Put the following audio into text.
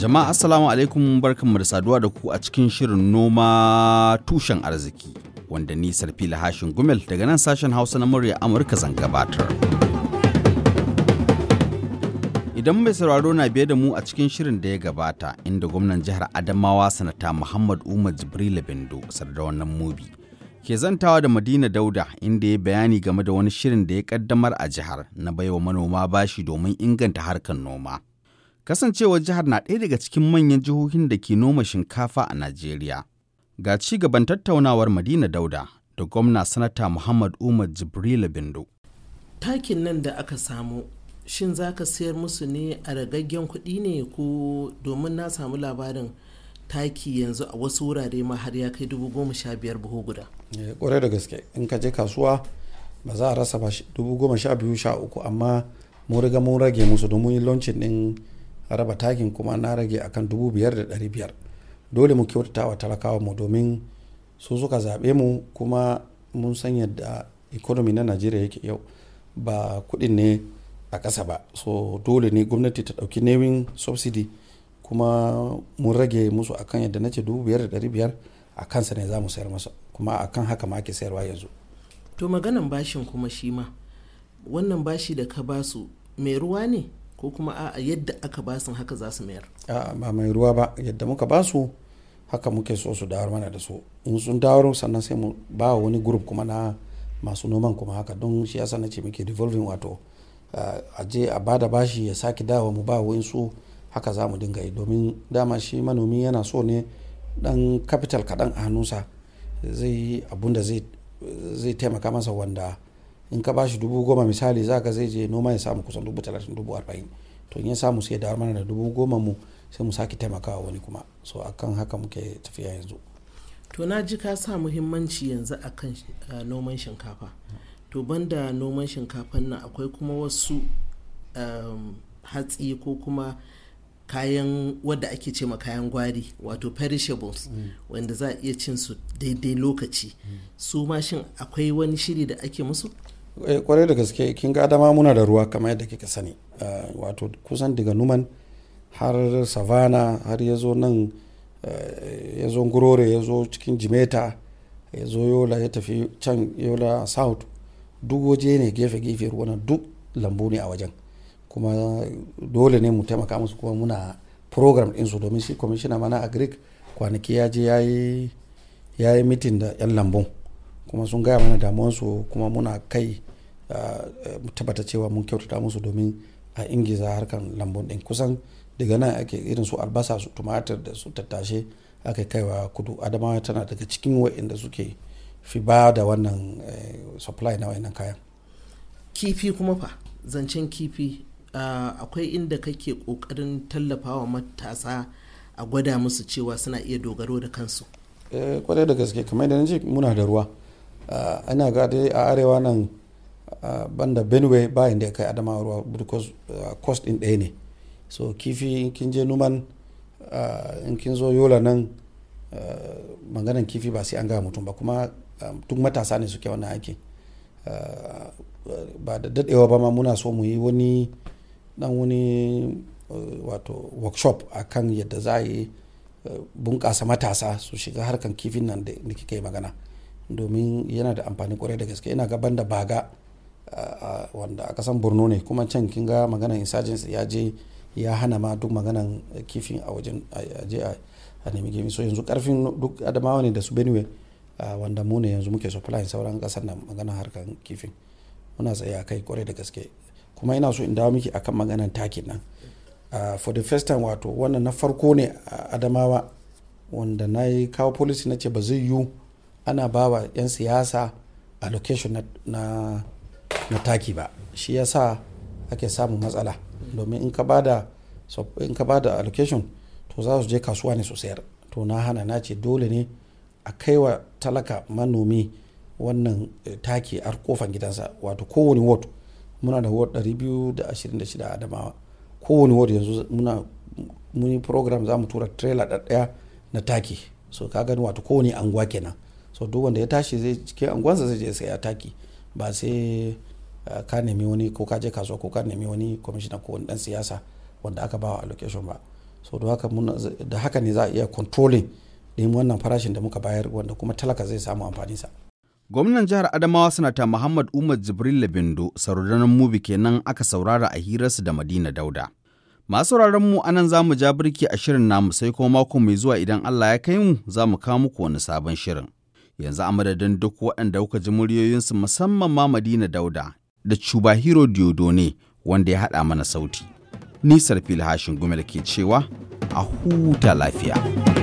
Jama'a Assalamu alaikum barkanmu da saduwa da ku a cikin shirin noma tushen arziki wanda ni Sarfila Hashin Gumel daga nan sashen Hausa na murya Amurka zan gabatar. Idan mai sauraro na biye da mu a cikin shirin da ya gabata inda gwamnan jihar Adamawa sanata Muhammad Umar jibril Bindo sarda wannan mubi ke zantawa da Madina Dauda inda ya bayani game da wani shirin da ya kaddamar a jihar na baiwa manoma bashi domin inganta harkar noma. Kasancewar jihar na ɗaya daga cikin manyan jihohin da ke noma shinkafa a Najeriya. Ga ci gaban tattaunawar Madina Dauda da gwamna sanata Muhammad Umar jibril Bindo. Takin nan da aka samu shin za ka sayar musu ne a ragaggen kuɗi ne ko domin na samu labarin taki yanzu a wasu wurare ma har ya kai dubu goma sha biyar buhu guda. kwarai eh, da gaske in ka je kasuwa ba za a rasa ba dubu goma sha biyu sha uku amma mun riga mun rage musu domin launcin din raba takin kuma na rage akan dubu biyar da dari biyar dole mu kyautata wa talakawa mu domin su suka zaɓe mu kuma mun san yadda ikonomi na najeriya yake yau ba kuɗin ne a ƙasa ba so dole ne gwamnati ta ɗauki newin subsidy kuma mun rage musu akan yadda na ce dubu biyar da dari biyar a kansa ne za mu sayar masa kuma akan haka ma ake sayarwa yanzu to maganan bashin kuma shi ma wannan bashi da ka basu mai ruwa ne ko kuma a yadda aka ba su haka za su mayar a'a ba mai ruwa ba yadda muka ba su haka muke so su dawar mana da su in sun dawar sannan sai mu ba wani group kuma na masu noman kuma haka don shi yasa na ce muke devolving wato eh, a je a bada bashi ya sake dawa mu ba su haka za mu dinga yi domin dama shi manomi yana so ne dan capital kaɗan a hannunsa zai abun da zai taimaka masa wanda in ka bashi dubu goma misali za ka zai je noma ya samu kusan dubu talatin dubu arba'in to in ya samu sai da mana da dubu goma mu sai mu sake taimakawa wani kuma so akan haka muke tafiya yanzu to na ji ka sa muhimmanci yanzu akan kan noman shinkafa to banda noman shinkafan nan akwai kuma wasu um, hatsi ko kuma kayan wadda ake ce ma kayan gwari wato perishables mm. wanda za a iya cin su daidai lokaci mm. su ma shin akwai wani shiri da ake musu Eh, kwarai da gaske kin ga adama muna da ruwa kamar yadda kika sani eh, wato kusan daga numan har savana har ya zo nan eh, ya zo gurore ya zo cikin jimeta ya zo yola ya tafi can yola south duk waje ne gefe-gefe ruwa na duk lambu ne a wajen kuma dole ne mu taimaka musu kuma muna program din su domin shi kwamishina mana a greek kwanaki ya je ya yi mitin da 'yan lambun kuma sun gaya mana damuwansu kuma muna kai mu tabbata cewa mun kyautata musu domin a ingiza harkan lambun ɗin kusan daga nan ake irin su albasa su tumatir da su tattashe aka kaiwa kudu adamawa tana daga cikin wa'inda suke fi ba da wannan eh, supply na wa'innan kayan kifi kuma fa zancen kifi ah, akwai inda kake kokarin tallafawa matasa a gwada musu cewa suna iya dogaro da kansu eh, kwarai da gaske kamar da na ce muna da ruwa ana ah, ga dai a arewa nan Ah, banda benue ba inda ya kai adamawa ruwa because ah, cost din ɗaya ne so kifi in kin je numan ah, in kin zo yola nan maganan kifi ba sai an gaya mutum ba kuma duk matasa ne suke wannan aikin ba da daɗewa ba ma muna so mu yi wani dan wani eh, wato workshop a kan yadda za a yi eh, bunƙasa matasa su shiga harkan kifin nan da kika yi magana domin yana da amfani kwarai da gaske ina gaban da baga wanda a kasan borno ne kuma can kin ga maganan insurgency ya je ya hana ma duk maganan kifin a wajen je a nemi kifi so yanzu karfin duk adamawa ne da su benue wanda mu ne yanzu muke supply sauran kasar nan maganan harkar kifin muna tsaye a kai kwarai da gaske kuma ina so in dawo miki akan maganan takin nan for the first time wato wannan na farko ne a adamawa wanda na yi kawo policy na ce ba zai yiwu ana bawa 'yan siyasa allocation na na taki ba shi ya sa ake samun matsala domin in ka bada in allocation to za su je kasuwa ne su sayar to na hana na ce dole ne a kai wa talaka manomi wannan eh, taki a kofan gidansa wato kowane ward muna da ward 226 a adamawa kowane ward yanzu muna muni program za mu tura trailer ɗaya na taki so ka gani wato kowane anguwa kenan so duk wanda ya tashi zai cikin anguwansa zai je saya taki ba sai Eh, ka nemi wani ko ka je kasuwa ko ka nemi wani kwamishina ko wani dan siyasa wanda aka bawa allocation ba so da haka ne za a iya controlling din wannan farashin da muka bayar wanda kuma talaka zai samu amfani sa gwamnan jihar adamawa sanata muhammad umar jibril labindo sauraron mubi kenan aka saurara a hirarsu da madina dauda Masu mu anan nan za mu ja birki a shirin namu sai kuma mako mai zuwa idan Allah ya kai mu za mu kawo muku wani sabon shirin. Yanzu a madadin duk waɗanda kuka ji muryoyinsu musamman ma Madina Dauda da Chubahiro Diodone wanda ya haɗa mana sauti. Nisar filhashin gumel ke cewa a huta lafiya.